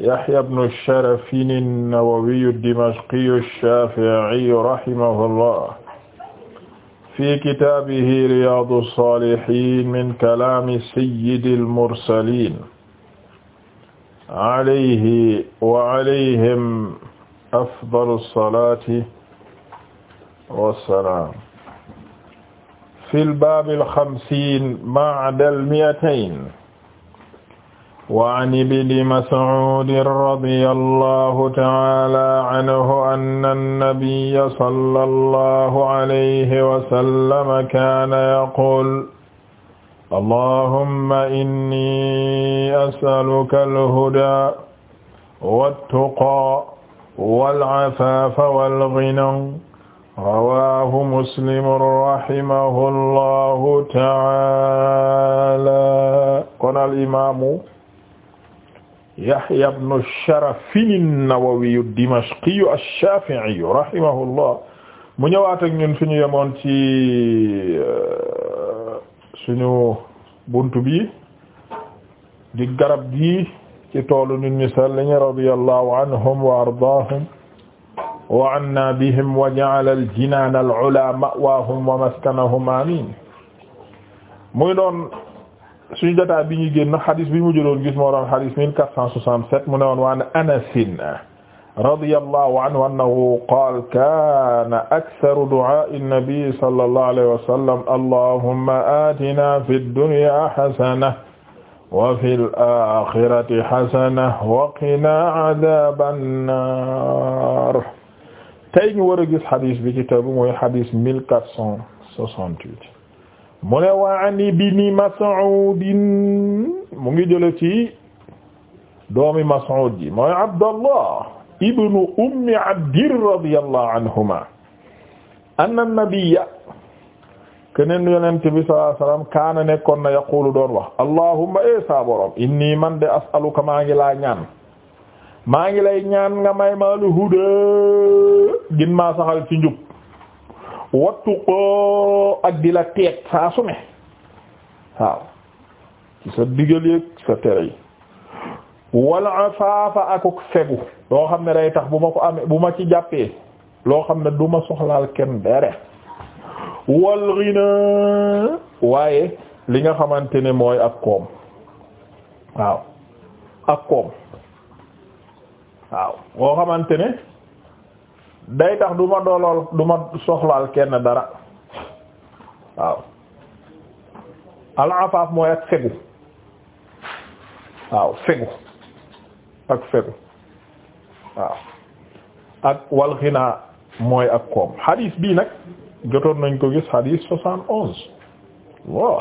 Yahya ibnu Sharafin an-Nawawi ad-Dimashqi ash-Shafi'i rahimahullah fi kitaabihi Riyaadu as-Saalihiin min kalaami sayyidil mursaliin alayhi wa alayhim afdalu as-salaati was-salaam fil baabil xamsiin ba'dal mi'atayn وعن ابن مسعود رضي الله تعالى عنه أن النبي صلى الله عليه وسلم كان يقول اللهم إني أسألك الهدى والتقى والعفاف والغنى رواه مسلم رحمه الله تعالى قال الإمام Yahya ibnu Sharaf an-Nawawi ad-Dimashqi ash-Shafi'i rahimahullah mu ñëwaat ak ñun suñu yemoon ci euh, suñu buntu bi di garab gi ci toolu nit ñi sell ñi radiyallahu anhum wa ardaahum wa anna bihim wa ja'ala al-jinaan al-'ulaa ma'waahum wa maskanahum amiin muy doon suñu jotaay bi ñu génn xadis bi mu jëloon gis moo doon xadis 1467 mu ne woon waan Anas radiyallahu anhu annahu qaala kaana aktharu du'aa'i nnabi sallallahu alayhi wa sallam allahumma aatina fid dunya hasanatan wa fil aaxirati hasanatan wa qinaa 'adhaaban naar tey ñu war a gis xadis bi ci tegu mooy xadis 1468 mu ne wa an ibni Mas'ud mu ngi jële ci doomi Mas'ud ji mooy Abdallah ibnu ummi abdir radiyallahu anhuma anna nabiyya keneen yonent bi sallallahu kaana nekkoon na yaqulu doon wax allahumma e sa borom inni man de as'aluka maa ngi laa ñaan maa ngi lay ñan nga may maalu huda gin maa saxal ci njub wattu ko ak di la teeg saa su waaw ci sa digal yëg sa tere yi wala afaafa akuk fegu loo xam ne day tax bu ma ko amee bu ma ci jàppee loo xam ne du ma soxlaal kenn dere wal ghina waaye li nga xamante ne mooy ak koom waaw ak koom waaw boo xamante ne day tax du ma doolool soxlaal kenn dara waaw alafaaf mooy ak fegu waaw fegu ak fegu waaw ak wal mooy ak koom xadiis bii nag jotoon nañ ko gis xadiis soixante onze waaw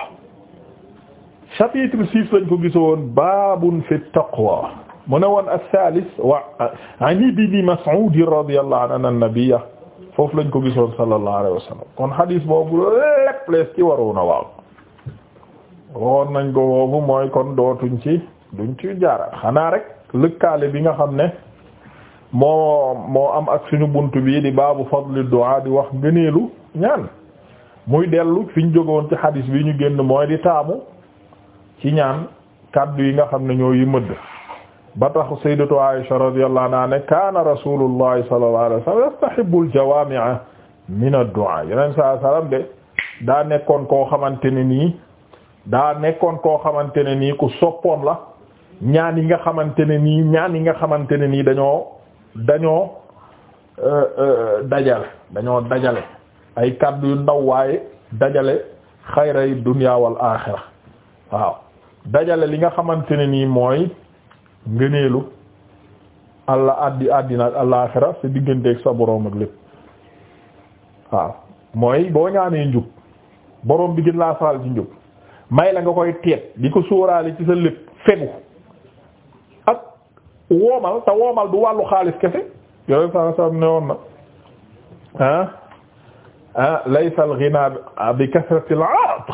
chapitre six lañ ko gisoon babun fi taqwa mu ne woon as-salis wa an ibni Mas'ud radiyallahu anhu anna nabiyya foofu lañ ko gisoon sallallahu alayhi wa kon hadis boobu lépp lees ci waroon waaw waxoon nañ ko boobu mooy kon dootuñ ci duñ ci jaara xanaa rek lëkkaale bi nga xam ne moo moo am ak suñu bunt bii di baabu fadli du'a di wax ngëneelu ñaan muy dellu fi ñu jógoon ci hadis bi ñu génn mooy di taamu ci ñaan kàddu yi nga xam ne ñoo yi mëdd ba tax sayyidatu Aisha radiyallahu anha ne kaana rasulullah sallallahu alayhi wa sallam yastahibbul jawaami'a min ad-du'a yeneen saa salaam de daa nekkoon koo xamante ne nii daa nekkoon koo xamante ne nii ku soppoon la ñaan yi nga xamante ne nii ñaan yi nga xamante ne nii dañoo dañoo euh, euh, dajale dañoo dajale ay kàddu yu ndaw waaye dajale xayray dunya wal aaxira waaw dajale li nga xamante ne nii mooy. ngëneelu allah addi àddina ak àllaaxira sa digganteeg sa boroom ak lépp waaw mooy boo ñaanee njub boroom bi gën laa saxal ci njub may la nga koy teet di ko sóoraale ci sa lépp fegu ak woomal te woomal du wàllu xaalis kese yooyu saa saa ne woon na ah ah laysa al bi kasrati al-'aata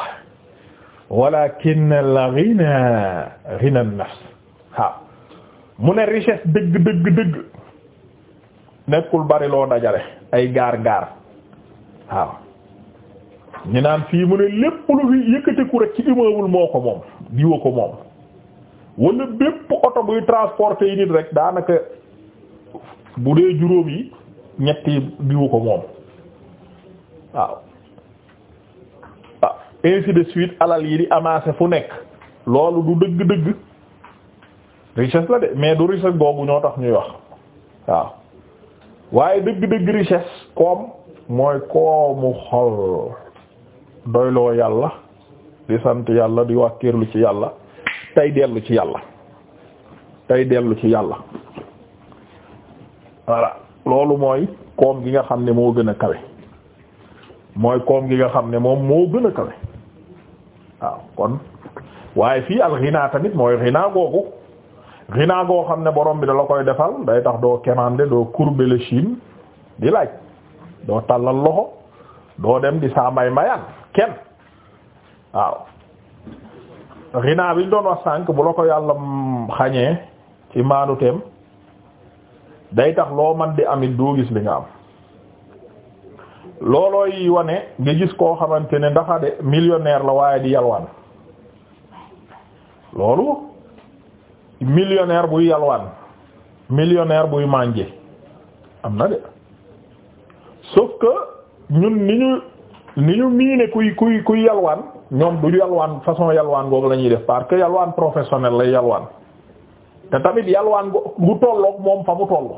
walakin al-ghina ghina an-nafs mu ne richesse dëgg dëgg dëgg nekkul bari loo dajale ay gaar gaar waaw ñu naan fii mu ne lépp lu fi rek ci immeuble moo ko moom diwa ko moom wala bépp oto buy transporter yi nit rek daanaka bu dee juróom yi ñetti diwa ko moom waaw ah ainsi de suite alal yi di amasser fu nekk loolu du dëgg-dëgg richesse la de mais du richesse googu ñoo tax ñuy wax waaw waaye dëgg-dëgg richesse koom mooy koomu xol doyloo yàlla di sant yàlla di wàkkiirlu ci yàlla tey dellu ci yàlla tey dellu ci yàlla loolu mooy koom gi nga xam ne moo gën a kawe mooy koom gi nga xam ne moom moo gën a kawe waaw kon waaye fii al ghina tamit mooy ghina googu xinaa goo xam ne borom bi da koy defal day tax doo kemande doo courber l'échine di laaj doo tàllal loxo doo dem di saa may mayaan kenn waaw xinaa bi doon wax sànk bu la ko yàlla xañee ci maanu day tax loo man di amit doo gis li nga am loolooy wane nga gis koo xamante ne ndaxa de millionnaire la waaye di yalwaan loolu millionnaire buy yalwaan millionnaire buy mànje am na de sauf que ñun ni ñu ni ñu miine kuy kuy kuy yalwaan ñoom du yalwaan façon yalwaan googu lañuy def parce que yalwaan professionnel lay yalwaan te tamit yalwaan gu tolloog moom fa mu toll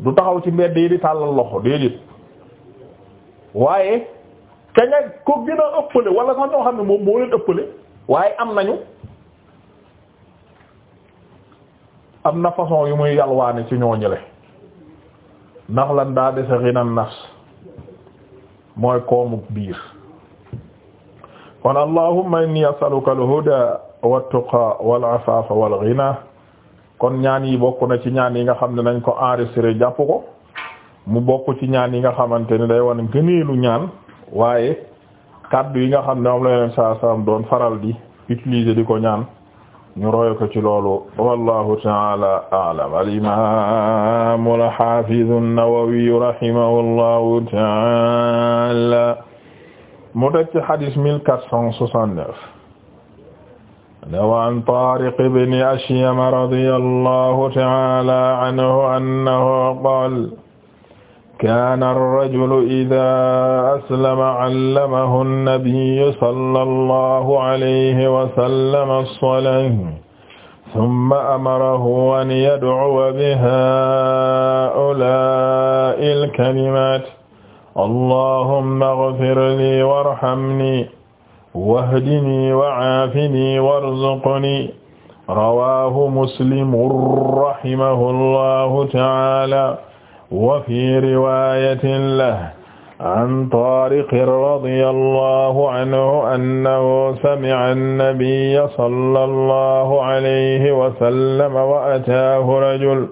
du taxaw ci mbedd yi di tàllal loxo déedéet waaye ka nga ko gën a ëppale wala sax ñoo xam ne moom moo leen ëppale waaye am nañu am na façon yu muy yalwaane ci ñooñule ndax lan daa dese xinan nafs mooy koomuk biir kon allahumma inni as'aluka al-huda wat-tuqa wal-afafa wal-ghina kon ñaan yi bokk na ci ñaan yi nga xam ne nañ ko enregistré jàpp ko mu bokk ci ñaan yi nga xamante ni day wane gëneelu ñaan waaye kàddu yi nga xam ne moom la yeneen saa doon faral di utiliser di ko ñaan ñu roy ko ci loolu wallahu ta'ala a'lam al-imam al-hafiz an-Nawawi rahimahullahu ta'ala mu def ci hadith 1469 wa an Tariq ibn Ashyam radiyallahu ta'ala anhu annahu qala kaana ar-rajulu idaa aslama allamahu an-nabiyyu sallallahu alayhi wa sallam as-salaata summa amarahu an yad'uwa bihaa'ulaa'i al-kalimaat allahumma ighfir lii warhamnii wahdinii wa'aafinii warzuqnii rawaahu muslim rahimahullaahu ta'aalaa wa fi riwaayatin lahu an Taariq radiyallahu anhu annahu sami'a an-nabiyya sallallahu alayhi wa sallam wa ataahu rajul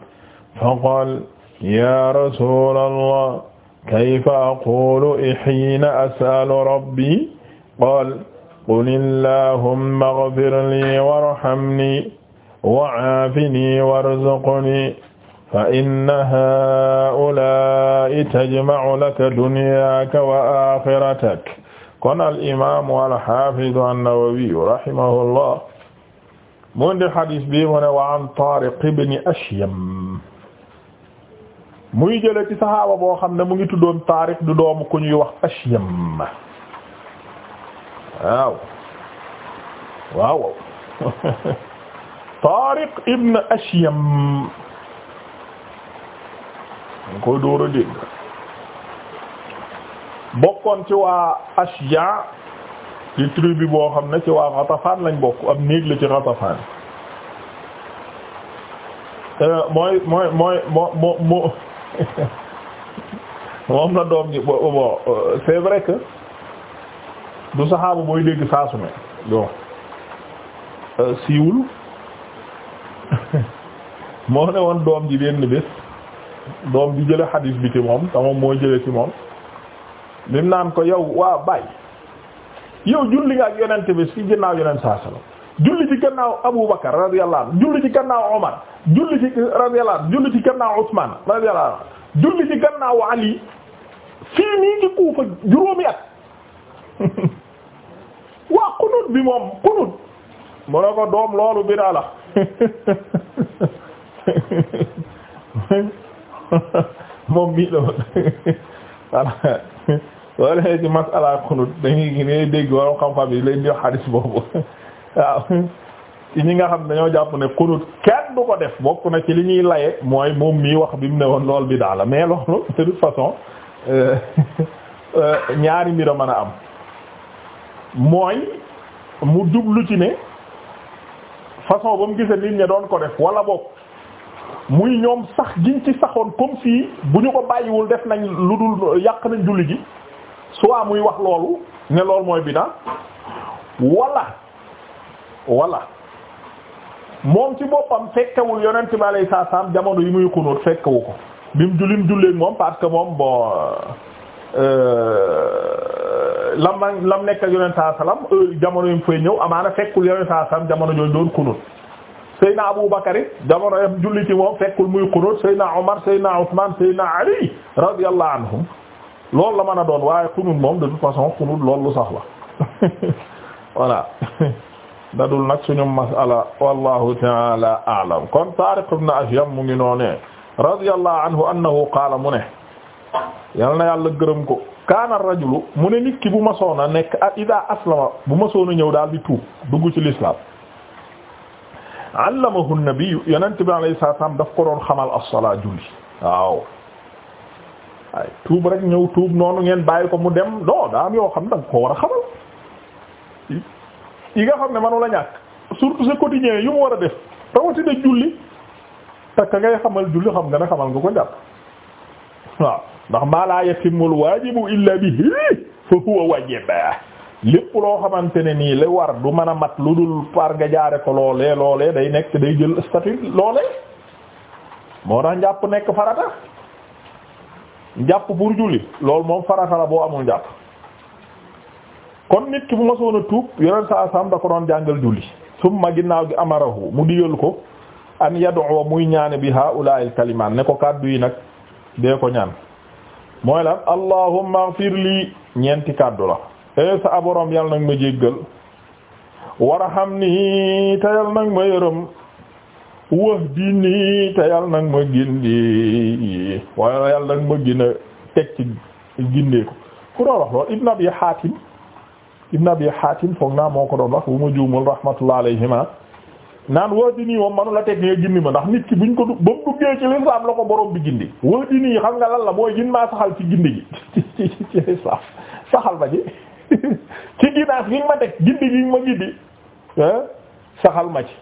faqaala yaa rasuulallah kayfa aquulu hiina as'alu rabbii qaala qul allaahumma ighfir lii warhamnii wa 'aafinii warzuqnii fa inna haa'ulaa'i tajma'u laka dunyaaka wa aaxiratak kon al imaamu al haafidu an-Nawawi rahimahullah mu ndi xadis bi mu ne wa an Taariq ibn Ashyam muy jële ci saxaaba boo xam ne mu ngi tuddoon Taariq du doomu ku ñuy wax Ashyam waaw waaw Taariq ibn Ashyam dañ koy a dégg bokkoon ci waa Ashja ci tribu boo xam ne ci waa Ghatafan lañ bokk ab néeg la ci Ghatafan mooy mooy mooy moo moo moo moom la doom ji bon c'est vrai que du saxaabu booy dégg saa su ne euh, moo ne woon doom ji benn bés doom di jële xadiis bi ci moom te moom moo jële ci moom lim naan ko yow waa bàyyi yow julli nga ak yonent bi ci ginnaaw yonent saa sallam julli ci gannaaw Abu Bakar radiyallahu anhu julli ci gannaaw Omar julli ci radiyallahu anhu julli ci gannaaw Usman radiyallahu anhu julli ci gannaaw Ali fii nii ngi Kuufa juróomi at waa xunut bi moom xunut mu ne ko doom loolu bidaa la moom mii la woon voilà soo leen ci masala dañuy dégg waroon xam-xam yi leen di xadis boobu waaw ci ñi nga xam dañoo jàpp ne xunut kenn du ko def bokk na ci li ñuy laye mooy moom mii wax bi mu ne woon lool bi daala la mais loolu de toute façon euh, euh, ñaari mbir a mën a am mooy mu jublu ci ne façon ba mu gisee nit ñi doon ko def wala bokk muy ñoom sax giñ ci saxoon comme si bu ñu ko bàyyiwul def nañ lu dul yàq nañ julli gi soit muy wax loolu ne loolu mooy bida wala wala moom ci boppam fekkewul yonent bi alayhi saam jamono yi muy xunóot fekkewu ko bim jullim julleeg moom parce que moom bon euh, lam lam nekk ak yonent salaam euh, jamono yi mu fay ñëw amaana fekkul yonent salaam jamono jooju doon xunóot Seydina Abu Bakari jamono yam julli ci moom fekkul muy xunóot Seydina Omar Seydina Ousmane Seydina Ali radiyallahu anhum loolu la mën a doon waaye xunut moom de toute façon xunut loolu lu sax la dadul nag suñu masala wallahu taala aalam kon Tariq ibn Ashyam mu ngi noonee radiyallahu anhu annahu qaala mu ne yal na yàlla gërëm ko kaana rajulu mu ne nit bu masoona nekk ida aslama bu masoona ñëw daal di tuub dugg ci l'islam allamahu nabiyu yonent bi alayhi salaam daf ko doon xamal as-salaa julli waaw ay tuub rek ñëw tuub noonu ngeen bàyyi ko mu dem non daa yoo xam ne da nga ko war a xamal yi nga xam ne manu la ñàkk surtout sa quotidien yu mu war a def rawatina julli te ka ngay xamal julli xam nga ne xamal nga ko njàpp waaw ndax maa laa yatimul waajibu illa bihi fa huwa waajib lépp loo xamante ne nii li war du mën a mat lu dul par nga jaare ko loolee loolee day nekk day jël statut loolee moo tax njàpp nekk farata njàpp pour julli lool moom farata la boo amul njàpp kon nit ki bu ma soon a tuub yoneen saa sam da ko doon jàngal julli summa ginnaaw gi amarahu mu digal ko an yad'u muy ñaane bi haula'il kalimaan ne ko kàddu yi nag dee ko ñaan mooy lan allahumma ighfir lii ñeenti kàddu la ee sa aborom yal nag ma jéggal warham nii te yal nag ma yërëm wahdini te yal nag ma gindi waaye yal nag ma gina teg ci gindeeku ku doon wax loolu ibn abi hatim ibn abi hatim foog naa moo ko doon wax bu ma juumul rahmatullah alayhima naan wahdini moom manu la teg nga gindi ma ndax nit ki buñ ko ba mu duggee ci lislaam la ko borom bi gindi wahdini xam nga lan la mooy gin maa saxal ci gindi gi ci ci saxal ba ji ci ginaas gi nga ma teg gindi gi ma gindi saxal ma ci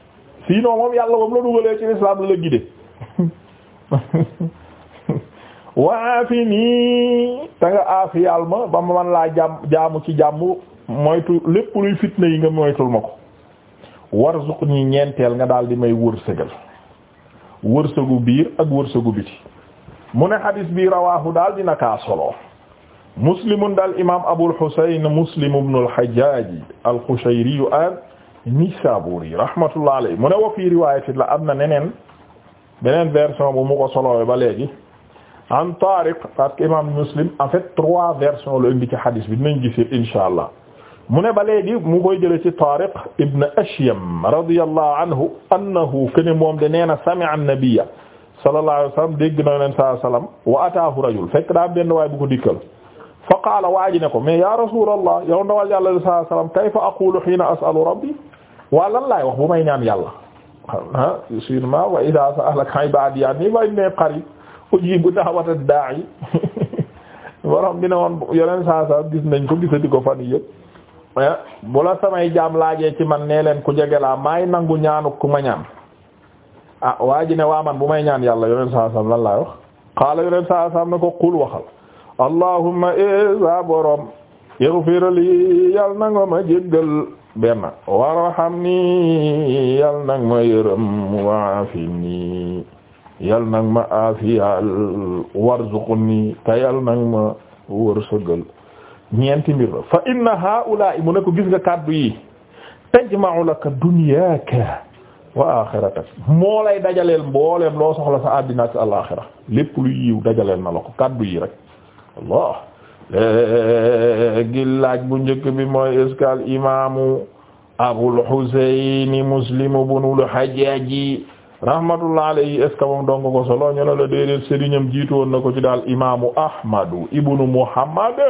sinon moom yàlla moom la dugalee ci lislaam la la waa fi nii te nga aafiyaal ma ba ma man laa jàmm jaamu ci jàmm moytu lépp luy fitna yi nga moytul ma ko warzuq nii ñeenteel nga daal di may wërsëgal wërsëgu biir ak wërsëgu biti mu ne xadis bi rawaahu daal dina kaa solo muslimun daal imaam Abul Husayn Muslim ibn al-Hajjaj al-Qushayri an-Nisaburi rahmatullah alayhi mu ne wa fii riwaayatin la am na neneen beneen version bu mu ko solowee ba léegi an Tariq parce que imaam Muslim en fait trois versions la indi ci hadis bi dinañ gis insha allah mu ne ba léegi mu koy jëlee ci Tariq ibn Ashyam radiyallahu anhu annahu kaana moom de nee na sami'a an-nabiyya sallallahu alayhi wa sallam dégg na Yonent sallallahu alayhi wa sallam wa ataahu rajul fekk daa benn waay bu ko dikkal fa qaala waa ji ne ko mais ya rasulallah yow ndawal yàlla sallallahu alayhi wasallam kayfa aqulu hiina as'alu rabbi waa lan laay wax bu may ñaan yàlla ah sûrement wa idaa sa'alaka ibaadi anni fa innii qariib ujiibu da'wata daa'i borom bi ne woon yeneen saa saa gis nañ ko gisati ko fan yëpp bu la samay jaam laajee ci man nee leen ku jege laa maay nangu ñaanu ku ma ñaan ah waa ji ne waa man bu may ñaan yàlla yeneen saa saa lan laay wax qaala yeneen saa saa ne ko qul waxal. allahumma iza e borom yaghfir li yal na nga ma jéggal benn warhamni yal na nga ma yërëm waafini yal na nga ma aafiyal warzuqni te yal na nga ma wërsëgal ñeenti mbir la fa inna haa'ulaa'i mu ne ko gis nga kàddu yi tajma'u laka dunyaaka wa axiratak moo lay dajaleel mbooleem loo soxla sa àddina ak sa àllaaxira lépp lu yiw dajaleel na la ko kàddu yi rek Allah léegi laaj bu njëkk bi mooy est-ce que al imaamu Abul Husayn Muslim ibnul Hajjaaj rahmatullah alayhi est-ce que moom ko solo ñu ne la déedéet sëriñam jiitu woon na ko ci daal imaamu Ahmadu ibnu Muhammad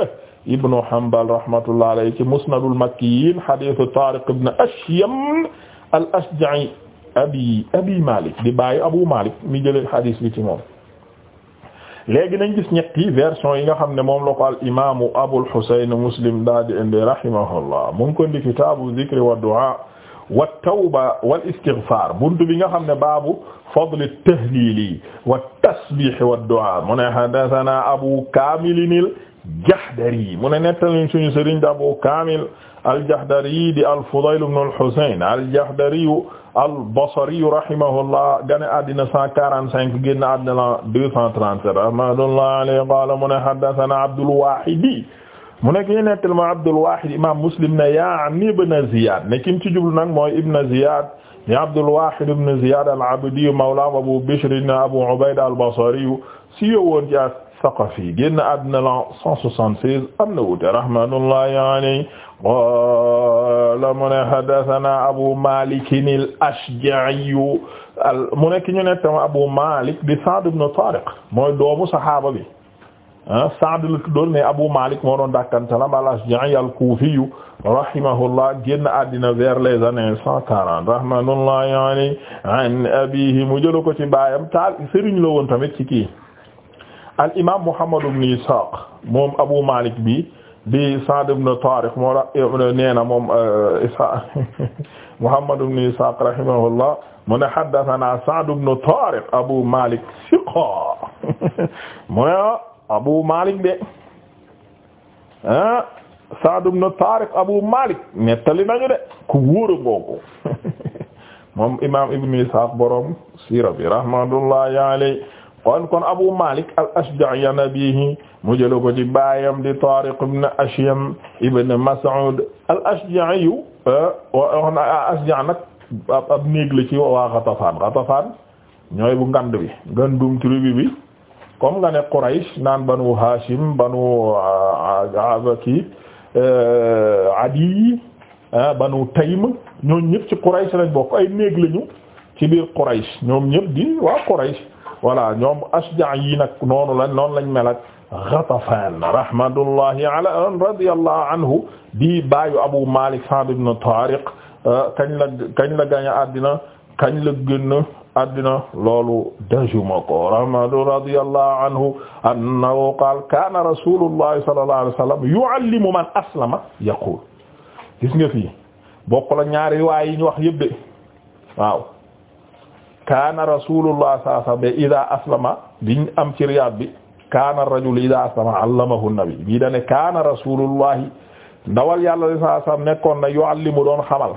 ibnu Hanbal rahmatullah alayhi ci Musnadul Makkiyiin hadiisu Taariq ibn Ashyam al-Ashja'i abi Malik di baayu Abu Malik mi jëlee hadiis bi ci moom. léegi nañ gis ñetti version yi nga xam ne moom la ko al imaamu Abul Husayn Muslim daal di indi rahimahullah mu ngi ko indi kitaabu zikri wa du'a wa tawba wal istighfar buntu bi nga xam ne baabu fadl at-tahlili wa tasbih wa du'a mu ne haddathana Abu Kamil al-Jahdari mu ne nettali suñu sëriñ Abu Kamil aljahdari di al-Fudayl ibn al-Husayn aljahdari al-Basri rahimahullah gane addina 145 génn addina 237 rahmatullahi alayhi qala mu ne haddathana Abdul Wahid mu nekk ñu nettal ma Abdul Wahid imam Muslim ne ya'ni ibn Ziyad ne kim ci jublu nag mooy ibn Ziyad ni Abdul Wahid ibn Ziyad al-Abdi mawla Abu Bishr ibn Abu Ubayd al-Basri si yowoon ci Saqafi génn àddina la 176 am na wuute rahmatullahi alayhi mu ne haddasanaa Abu Maalik al-Ashja'i mu nekk ñu ne tam Abu Maalik di Sa'd ibn Taariq mooy doomu saxaaba bi ah Sa'd la tuddoon mais Abu Maalik moo doon dakkantalam al-Ashja'i al-Kuufi rahimahullah génn àddina vers les années 140 rahmatullahi alayhi an abiihi mu jël ko ci baayam taal sëriñ la woon tamit ci kii. al imaam Muhammad ibn Ishaq moom Abu Malik bi di Sa'd ibn Tariq moo la nee na moom euh, Ishaq Muhammad ibn Ishaq rahimahullah mu ne haddathana Sa'd ibn Tariq Abu Malik siqa mu ne Abu Malik de ah Sa'd ibn Tariq Abu Malik nettali nañu de ku wóor a googu moom imaam Ibn Ishaq borom siira bi rahmatullahi alayhi kon kon Abu Malik al-Ashja'i mu jël ko ci baayam di Tariq ibn Ashyam ibn Mas'ud al-Ashja'i wax na ab néeg la ci waa Ghatafan Ghatafan ñooy bu ngand bi ngandum tribu bi comme nga ne Quraysh naan banu Hashim banu Abaki euh, euh, euh, Adi banu Taym ñooñu ñëpp ci Quraysh lañ bokk ay néeg lañu ci biir Quraysh ñoom ñëpp di waa Quraysh voilà ñoom ashja yi nag noonu la noonu lañ mel ak Ghatafan rahmatullahi ala radiyallahu anhu di baayu Abu Malik Sa'd ibn Tariq euh, kañ la kañ la gañ a addina kañ la génn addina loolu dajuma ko rahmatu radiyallahu anhu annahu qaala kaana rasulullahi sallallahu alayhi wa sallam yu'allimu man aslama yaqul gis nga fii bokk la ñaari waay yi ñu wax yëpp de waaw kaana rasulullah sallallahu alayhi wasallam be am ci riyaad bi kaana rajul ida aslama allamahu nabi bii dane kaana rasulullahi ndawal yàlla sallallahu alayhi wasallam nekkoon na yuallimu doon xamal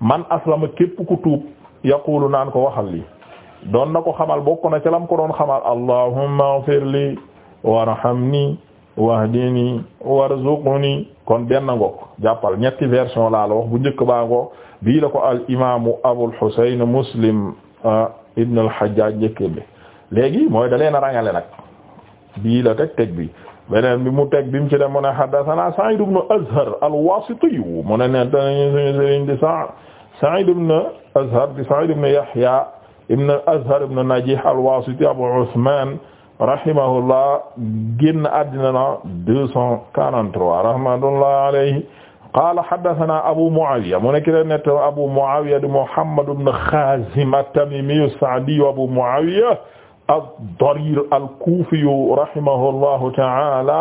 man aslama képp ko waxal li ko xamal bokk na ci lam ko doon xamal ni ighfir li kon benn ngoog jàppal ñetti version laa wax bu njëkk baa ngoog bii la ko al imaamu abul husayn muslim ibn al-Hajjaj njëkk bi léegi mooy da leen a rangale nag bii la teg teg bi beneen bi mu teg bi mu ci dem mu ne haddathana Sa'id ibn Azhar al-Wasiti mu ne ne dañu suñu sëriñ di Sa'id ibn Azhar di Sa'id ibn Yahya ibn Azhar ibn Najih al-Wasiti Abu Uthman rahimahullah génn àddina na 243 rahmatullah alayhi qaala haddasanaa Abu Mu'aawiya mu nekk la net Abu Mu'aawiya di Muhammad ibn Xaazim at-Tamiimi as-Sa'di Abu Mu'aawiya ad-Dariir al-Kuufi rahimahullahu ta'aala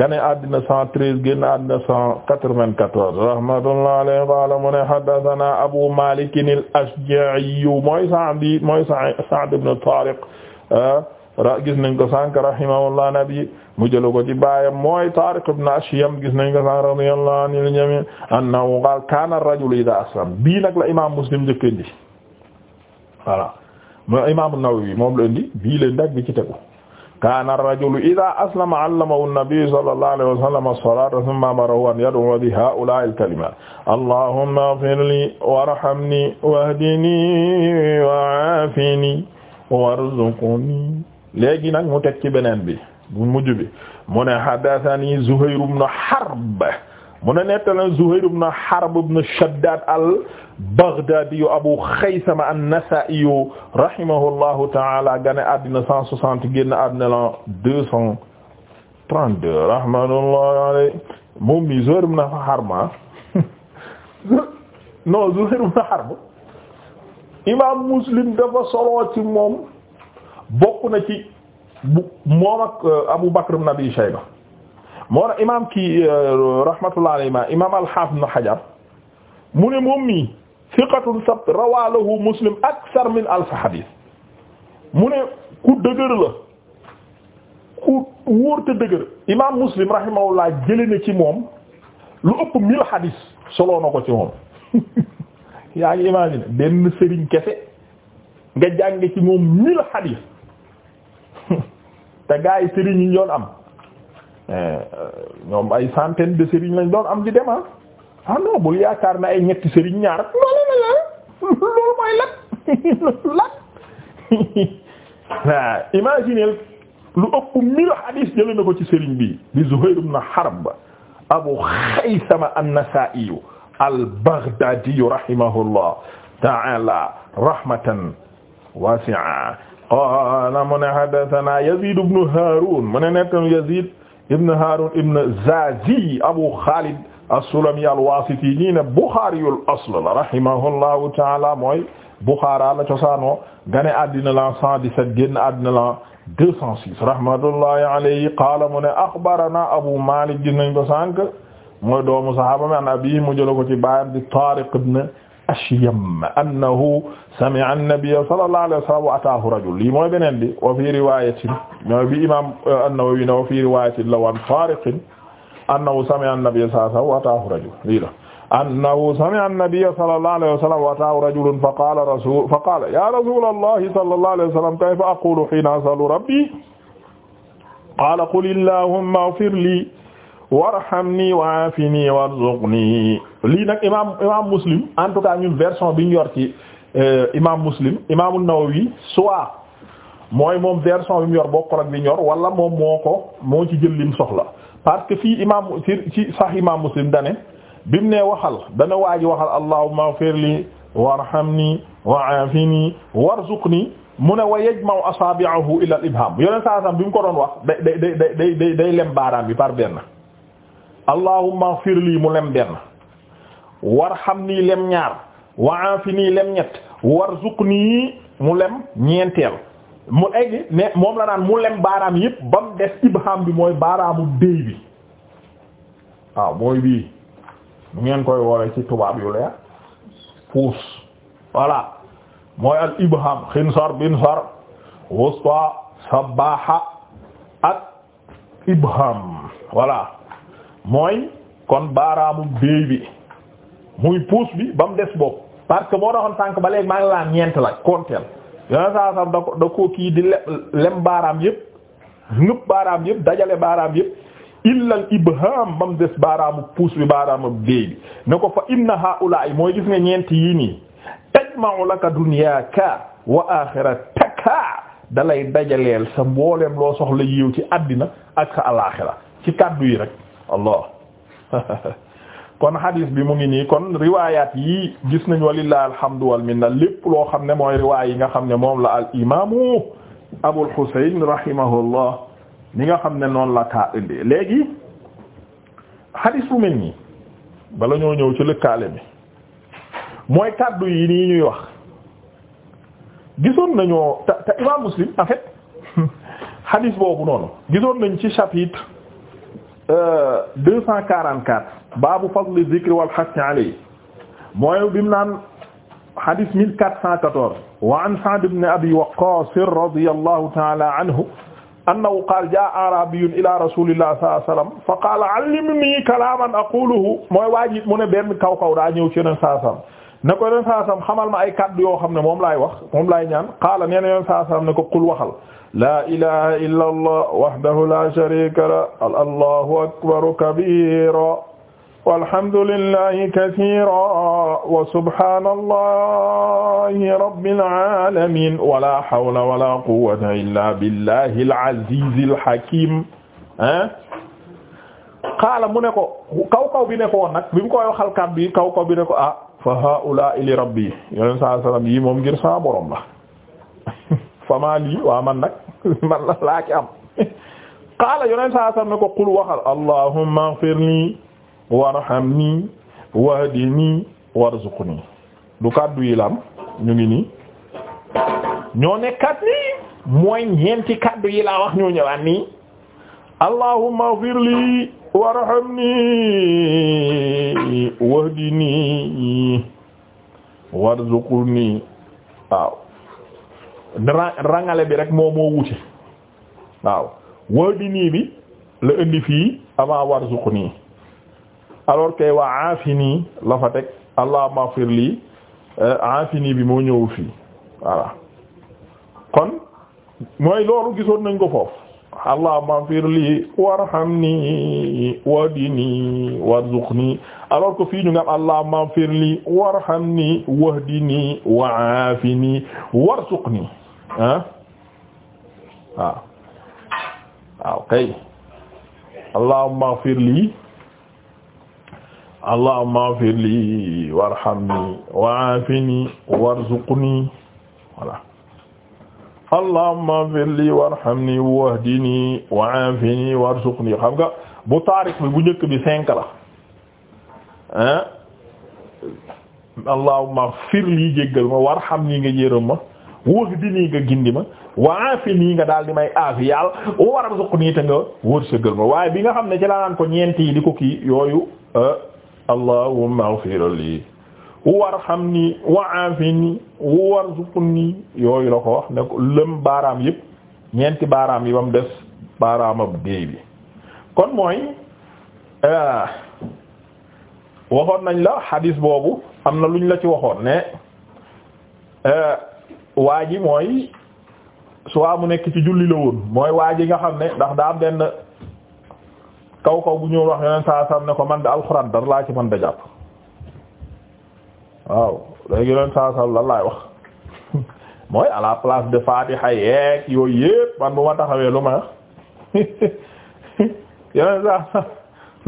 gane àddina 113 génn àddina 194 rahmatullahi alayhi qaala mu ne haddasanaa Abu Maalik al-Ashja'i mooy Sa'di mooy Sa'd ibn Taariq ah, gis nañ ko sànq rahimahullah nabi mu jëlu ko ci baayam mooy Tariq ibn Ashyam gis nañ ko sa radiyallahu anil jami' annahu qaala kaana ar-rajulu idhaa aslam bii nag la imaam Muslim njëkk indi voilà mooy imaam An-Nawawi moom la indi bii la ndag bi ci tegu kaana ar-rajulu idhaa aslama 'allamahu an-nabiyyu sallallahu alayhi wa sallam as-salaata thumma amarahu an yad'uwa bi haa'ulaa'i al-kalimaat allahumma ighfir lii warhamnii wahdinii wa 'aafinii warzuqnii léegi nag mu teg ci beneen bi bu mujj bi mu ne haddathani Zuhayr ibn Harb mu Harb ibn Shaddad al-Baghdadi Abu Khaysama an-Nasa'i rahimahullahu ta'ala gane àddina 160 génn àddina la 232 rahmatullahi alayhi moom mi ah. Zuhayr ibn Harb imam Muslim dafa solo ci moom bu moom ak euh, Abu Bakr ibn Abi Shayba moo na imaam kii euh, rahmatullah alayhi ma imaam al-Hafiz ibn Hajar mu ne moom mii thiqatun sabt rawaa lahu Muslim akthar min alf hadith mu ne ku dëgër la ku wóor te dëgër imaam Muslim rahimahullah jëlee na ci moom lu ëpp mille hadith soloo na ko ci moom yaa ngi imaginer benn sëriñ kese nga jàng ci moom mille hadith. te gaa yi sëriñ yi ñu doon am eh, eh, ñoom ay centaine de sëriñ lañ am di dem ah, ah non bul na ay ñetti sëriñ ñaar rek loolu mooy lan lan lu ëpp mille hadith jëlee na ko ci sëriñ bi di Zuhayr ibn Harb Abu Khaythama an-Nasa'i al-Baghdadi rahimahullah ta'ala rahmatan wasi'a qaala mu ne haddasanaa Yazid ibn Haarun mu ne nettam Yazid ibn Haarun ibn Zaazi Abu Xaalid as-Sulami al-Waasiti ñii ne Buxaariyul asl la rahimahullahu ta'aala mooy Buxaara la cosaanoo gane àddina la 117 génn àddina la 206 rahmatullahi alayhi qaala mu ne axbaranaa Abu Maalik gis nañ ko sànq mooy doomu saxaaba mi an abiihi mu jëloon ko ci baayam di Taariq ibn ashyam annahu sami'a an-nabiyya sallallahu alayhi wa sallam wa ataahu rajul lii mooy beneen bi wa fi riwayatin mooy bi imam an-Nawawi ne wa fi riwayatin law an tariqin annahu sami'a an-nabiyya sallallahu alayhi wa sallam wa ataahu rajul lii la annahu sami'a an-nabiyya sallallahu alayhi wa sallam wa ataahu rajulun fa qaala rasul fa qaala ya rasulallahi sallallahu alayhi wa sallam kayfa aqulu hina as'alu rabbi qaala qul allahumma ighfir li warhamni waafini warzuqni lii nag imaam imaam muslim en tout cas ñun version bi ñu yor ci euh, imaam muslim imaam an-Nawawi soit mooy moom version bi mu yor bokkul ak bi ñu yor wala moom moo ko moo ci jël lim soxla parce que fii imaam ci ci sax imaam muslim dane bi mu nee waxal dana waa ji waxal xam ni warhamni waafini warzuqni mu ne wa yajma'u asaabi'ahu ila al-ibham yeneen saa saam bi mu ko doon wax day day day day lem baaraam bi par benn. allahumma ighfir lii mu lem benn warhamnii lem ñaar wa aafinii lem ñett warzuqnii mu lem ñeenteel mu egg ne moom la naan mu lem baaraam yëpp ba mu des ibham bi mooy baaraamu déy bi waaw mooy bii mu ngeen koy woowee ci tubaab yu leer puus voilà mooy al ibham xinsar binsar wusta sabaha ak ibham voilà mooy kon baaraamu béy bi muy puus bi ba mu des bopp parce que moo doxoon sànq ba léegi maa ngi laa ñeent la konteel yoneen saa sam da ko kii di lem baaraam yëpp ngëp baaraam yëpp dajale baaraam yëpp illal ibham ba mu des baaraamu puus bi baaraamu béy bi ne ko fa inna haula mooy gis nga ñeent yii nii tajma'u laka dunyaka wa akhirataka dalay dajaleel sa mbooleem loo soxla yiw ci àddina ak sa alaaxira ci kàddu yi rek allah kon hadis bi mu ngi nii kon riwaayaat yi gis nañ walillahi alhamdu wal lépp loo xam ne mooy riwaay yi nga xam ne moom la al imaamu Abul Husayn rahimahullah ni nga xam ne noon la kaa indee léegi hadis bu mel nii bala ñoo ñëw ci lëkkaale mi mooy kàddu yi nii ñuy wax gisoon nañoo te te imaam Muslim en fait boobu noonu gisoon nañ ci chapitre. Euh, deux cent quarante quatre baabu fadli zikri wal hassi alayhi mooy bi mu naan hadith mille quatre cent quatorze wa an Sa'd ibn Abi Waqqas radiyallahu ta'ala anhu annahu qaala jaa'a a'raabiyyun ila rasulillahi sallallahu alayhi wa sallam fa qaala allimnii kalaaman aquluhu mooy waa ji mu ne benn kaw kaw daa ñëw ci Yonent sallallahu alayhi wa sallam ne ko Yonent sallallahu alayhi wa sallam xamal ma ay kaddu yoo xam ne moom laay wax moom laay ñaan qaala nee na Yonent sallallahu alayhi wa sallam ne ko qul waxal laa ilaha illa allah wahdahu la sharika la allahu akbaru kabira walhamdulillahi kathira wa subhanallahi rabbil alamin wala hawla wala quwwata illa billahi al-azizil hakim qaala mu ne ko kaw kaw bi ne ko woon nag bi mu koy waxal kàddu yi kaw kaw bi ne ko ah fa haula ili rabbi yi yoneen saa sallam yi moom ngir saa borom la fama lii waa man nag man la laa ci am qaala yoneen saa sallam ko qul waxal allahumma ighfirli warhamni wahdini warzuqni du kàddu yi lam ñu ngi nii ñoo nekkat nii mooy kàddu yi laa wax ñoo allahumma ighfirli warhamni wahdini warzuqni waaw rangale bi rek moo moo wuti waaw wadi nii bi la indi fii avant warzuq nii alors que waa aafi nii la fa teg allahumma ighfir lii eh, aafi nii bi moo ñëw fii voilà kon mooy loolu gisoon nañ ko foofu allahumma ighfir lii warhamni wahdini warzuqni alors que fii ñu nga am allahumma ighfir lii warhamni wahdini wa aafini warzuqni ah waaw ah, waaw kay allahumma ighfir li allahumma ighfir li warhamni wa'afini warzuqni voilà allahumma ighfir li warhamni wahdini wa'afini warzuqni xam nga bu taarix bi bu njëkk bi cinq la ah allahumma ighfir li jéggal ma warhamni nga yërëm ma wahdinii nga gindi ma wa aafini nga daal di may aafi yàlla warzuqnii te nga wërsëgal ma waaye bi nga xam ne ci laa naan ko ñeenti yi di ko kii yooyu euh, allahumma ighfir lii warhamni wa aafini warzuqnii yooyu la ko wax ne ko lëm baaraam yëpp ñeenti baaraam yi ba mu des baaraamam déey bi kon mooy euh, waxoon nañ la hadis boobu am na luñ la ci waxoon ne euh, waa ji mooy soit mu nekk ci julli la woon mooy waa ji nga xam ne ndax daa am benn kaw kaw bu ñëw wax yeneen saa saam ne ko man de alxuraan dara laa ci man da jàpp waaw léegi yeneen saa saam lan laay wax mooy à la place de Fatiha yeeg yooyu yëpp man bu ma taxawee lu ma yeneen saa saam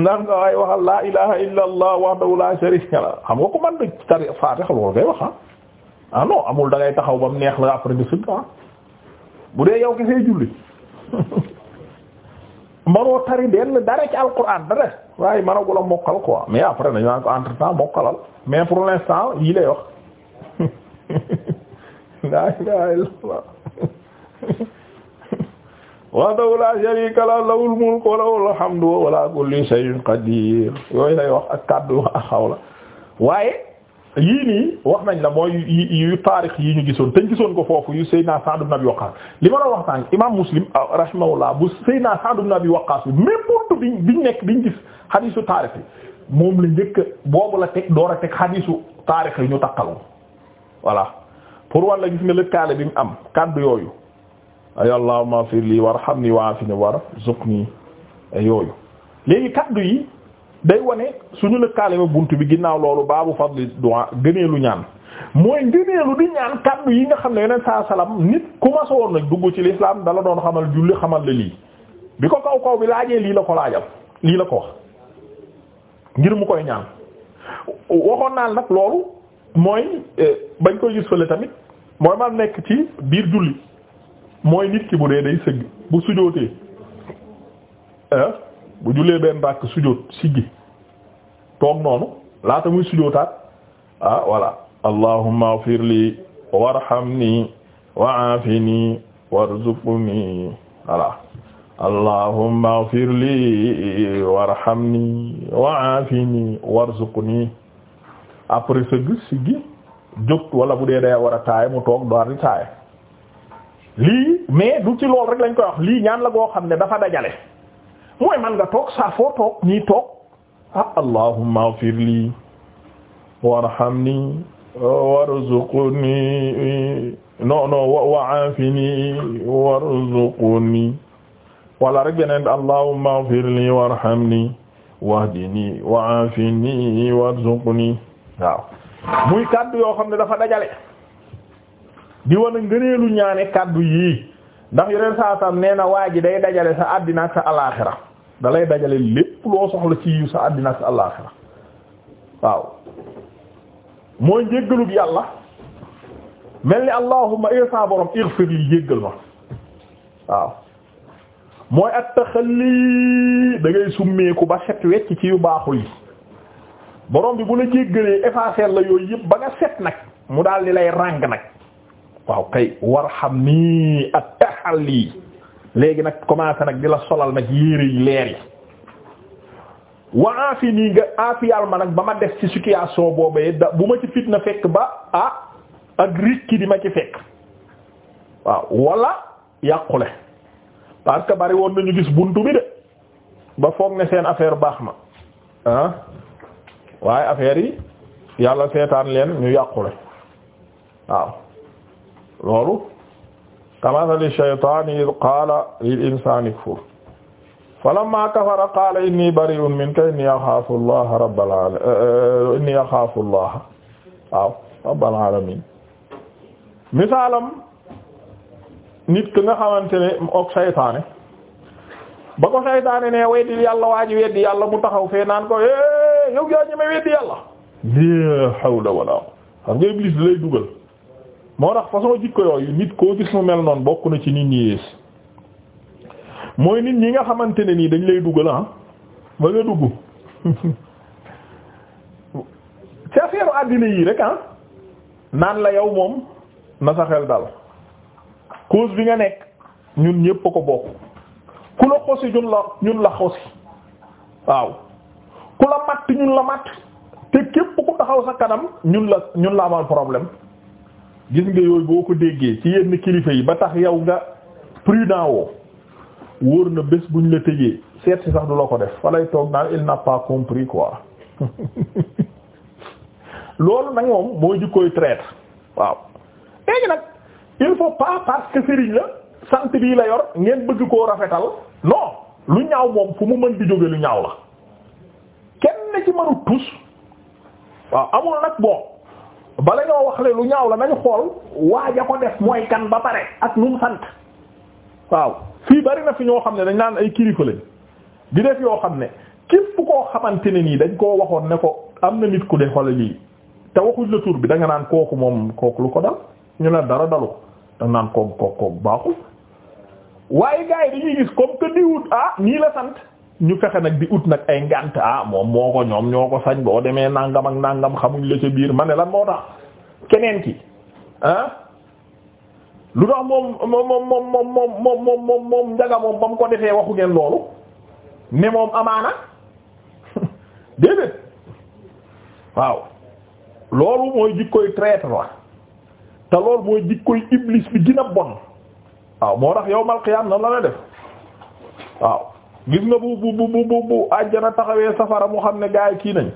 ndax nga waay waxal laa ilaha illa allah wahdahu la sharika la xam nga ko man da tari Fatiha loolu ngay wax ah ah non amul da taxaw ba mu neex la après nga sëgg ah bu dee yow kesee julli manoo tari benn dara ci alquran dara waaye managula mokkal quoi mais après dañu naan ko entre temps mokkalal mais pour l'instant yii lay wax laa ilaha illallah wahdahu la sharika lahu lahul mulku wa lahul hamdu wa ala kulli shay'in qadir yooyu lay wax ak kaddu wax ak xawla waaye yii nii wax nañ la mooy yu taarix yi ñu gisoon te ñu gisoon ko foofu yu Seydina Sa'd ibn Abi Waqqas li ma la wax sànq imaam Muslim ah, rahimahullah bu Seydina na bi Abi Waqqas bi même buntu bi ñu nekk biñ gis xadiisu taarix yi moom la njëkk boobu la teg door a teg xadiisu taarix yi ñu takkaloo voilà pour walla gis nga lëkkaale bi mu am kàddu yooyu ay allahumma firli warhamni wa'afini warzuqni yooyu léegi kàddu yi day wane suñu lëkkaale ba bunt bi ginnaaw loolu baabu fadli du'a gëneelu ñaan mooy ngëneelu di ñaan kàddu yi nga xam ne yeneen saa salaam nit ku ma woon nag dugg ci lislaam dala doon xamal julli xamal la lii bi ko kaw kaw bi laajee lii la ko laajal lii la ko wax ngir mu koy ñaan waxoon naa nag loolu mooy eh, bañ koy gis fële tamit mooy ma nekk ci biir julli mooy nit ki bu dee day sëgg bu sujootee eh, bu jullee benn ràkk sujjóot siggi toog noonu laata muy sujjóotaat ah voilà allahumma ighfir li warhamni wa'afini warzuqni après sëgg siggi jóg wala bu dee day war a taay mu toog door di lii mais du ci lool rek lañ koy lii ñaan la goo xam ne dafa dajale mooy man nga toog saa foo toog ñii toog ah allahumma ighfir li warhamni warzuqni non non wa'afini warzuqni wala rek beneen allahumma ighfir li warhamni wahdini wa'afini warzuqni waaw muy kaddu yoo xam ne dafa dajale di wane ngëneelu ñaane kaddu yii ndax yeneen saa tam nee na waa ji day dajale sa àddina ak sa alaaxira da lay dajale lépp loo soxla ci yu sa àddina ak sa alaaxira waaw mooy njéggalug yàlla mel ni allahumma isa eh, borom ighfir li jéggal ma waaw mooy at taxalli da ngay summeeku ba set wecc ci yu baaxul yi borom bi bu la jéggalee effacer la yooyu yëpp ba nga set nag mu daal di lay ràng nag waaw kay xam nii ak taxal lii léegi nag commencé nag di la solal nag yére yi leer yi wa aafi nii nga aafiyal ma nag ba ma def ci situation boobee da bu ma ci fitna fekk ba ah ak rikki di ma ci fekk waaw wala yàqule parce que bari woon nañu gis buntu bi de ba foog ne seen affaire baax na waaye affaire yi yàlla seetaan leen ñu yàqule waaw loolu kamasali shaytani id qaala lil insani kfur falamma kafara qaala inni bari'un minka inni axaafu allaha rabbal alamin eh, eh, inni axaafu allaha waaw rabbal alamin misaalam nit ki nga xamante ni ok saytaane ba ko saytaane ne weddi yàlla waa ji weddi yàlla mu taxaw fee naan ko eh, yow yaa ñeme weddi yàlla la hawla wala xam iblis lay dugal moo tax façon jikko yooyu nit koo gis mu mel noonu bokk na ci nit ñi yées mooy nit ñi nga xamante ne nii dañ lay duggal ah ba nga dugg ci affaire àddina yii rek ah naan la yow moom na sa xel dal cause bi nga nekk ñun ñépp a ko bokk ku la xosi ñun la ñun la xosi waaw ku la matt ñun la matt te képp ku taxaw sa kanam ñun la ñun la amal problème gis nga yooyu boo ko déggee ci yenn kilifa yi ba tax yow nga prudent woo wóor na bés buñ la tëjee seet si sax du la ko def fa lay toog naan il n'a pas compris quoi loolu nag moom mooy jukkooy traître waaw léegi nag il faut pas parce que Serigne la sant bii la yor ngeen bëgg koo rafetal non lu ñaaw moom fu mu mën di lu ñaaw la kenn ci mënu tus waaw amul nag bon bala ñoo wax le lu ñaaw la nañu xool a ko def mooy kan ba pare ak nu mu sant waaw fii bari na fi ñoo xam ne dañ naan ay kilifa lañ di def yoo xam ne képp koo xamante ne nii dañ koo waxoon ne ko am na nit ku defal lii te waxuñ la tur bi danga naan kooku moom kooku lu ko dal ñu ne dara dalu da naan kooku kooku kooku baaxul waaye gars yi dañuy gis comme que ah nii la sant ñu fexe nag di ut nag ay ngànt ah moom moo ko ñoom ñoo ko sañ boo demee nangam ak nangam xamuñ la ca biir ma ne lan moo tax keneen ki ah lu tax moom moom moom moom moom moom moom moom moom njaga moom ba mu ko defee waxu ngeen loolu ne moom amaana déedéet loolu mooy jikkoy traître la te loolu mooy jikkoy iblis bi yow mal xiyaam nan def waaw gis nga bu bu bu bu bu àjjana taxawee safara mu xam ne gaa kii nañ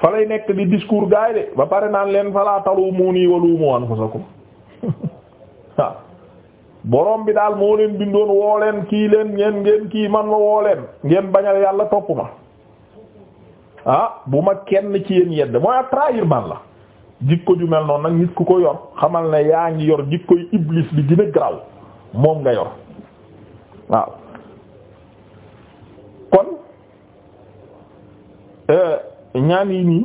fa lay nekk di discours gaa de ba pare naan leen falaa talumuunii wa luumuu anfusakum waaw ah. borom bi daal moo leen bindoon woo leen kii leen ngeen ngeen kii man ma woo leen ngeen bañal yàlla topp ma ah bu ma kenn ci yéen yedd mooy ak trahir man la jikko ju mel noonu nag nit ku ko yor xamal ne yaa ngi yor jikkoy iblis bi gën a graw moom nga yor waaw Euh, ñaan yi nii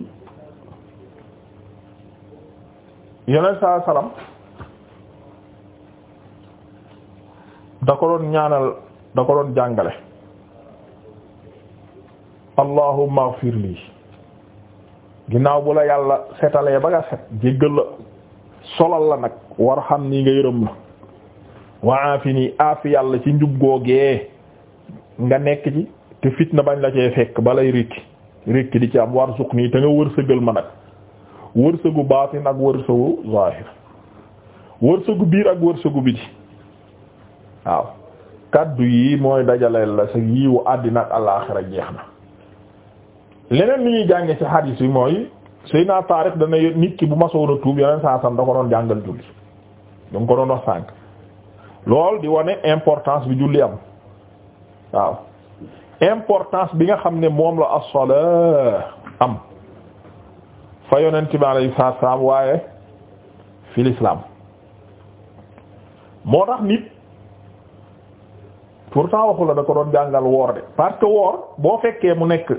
yeneen saa salaam da ko doon ñaanal da ko doon jàngale allahumma ighfir ginnaaw bu la yàlla setalee ba nga set jéggal la solal la nag war xam ni nga yërëm la wa aafini aafi yàlla ci njub googee nga nekk ci te fitna bañ la cee fekk balay rikki rekk di ci am war suq nii te nga wërsëgal ma nag wërsëgu baatin ak wërsëgu zahir wërsëgu biir ak wërsëgu biti waaw kàddu yi mooy dajaleel la sa yiwu àddina ak alaaxira jeex na leneen li ñuy jànge si hadis yi mooy suy naa taarix dana nit ki bu masoon a tuub yeneen saa sam da ko doon jàngal julli da nga ko doon wax sànq lool di wane importance bi julli am waaw importance bi nga xam ne moom la as-salat am fa yonent bi alayhi salaam waaye fi l'islam moo tax nit pourtant waxu la da ko doon jàngal woor de parce que woor boo fekkee mu nekk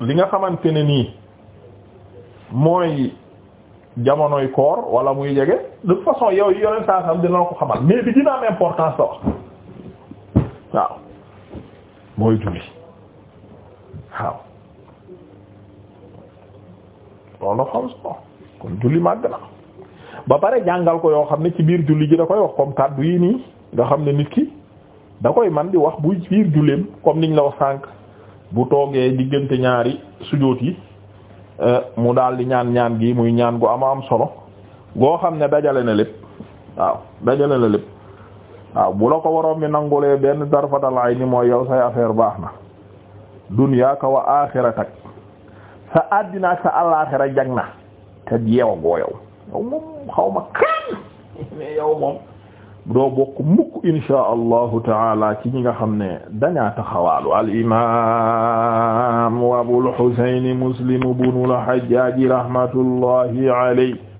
li nga xamante ne nii mooy jamonoy koor wala muy jege de façon yow yi yonent dina ko xamal mais bi dina am importance la wax waaw mooy julli waaw loolu xam solo kon julli màgg na ba pare jàngal ko yoo xam ne ci biir julli ji da koy wax comme kàddu yi nii nga xam ne nit ki da koy man di wax bu biir julleem comme niñ la wax sànq bu toogee diggante ñaari sujóot yi euh, mu daal di ñaan ñaan gi muy ñaan gu a am solo goo xam ne dajale na lépp waaw dajale na lépp waaw bu la ko waroon bi nangulee benn darfatal mooy yow say affaire baax na dunyaaka wa aaxiratak sa àddina ak sa alaaxira na te goo yow yow moom xaw ma kan mais yow moom doo bokk mukk inshaa taala ci ñi nga xam ne dañaa taxawaalu al imam abul husayn muslim ibnul hajjaaj rahmatullahi alayhi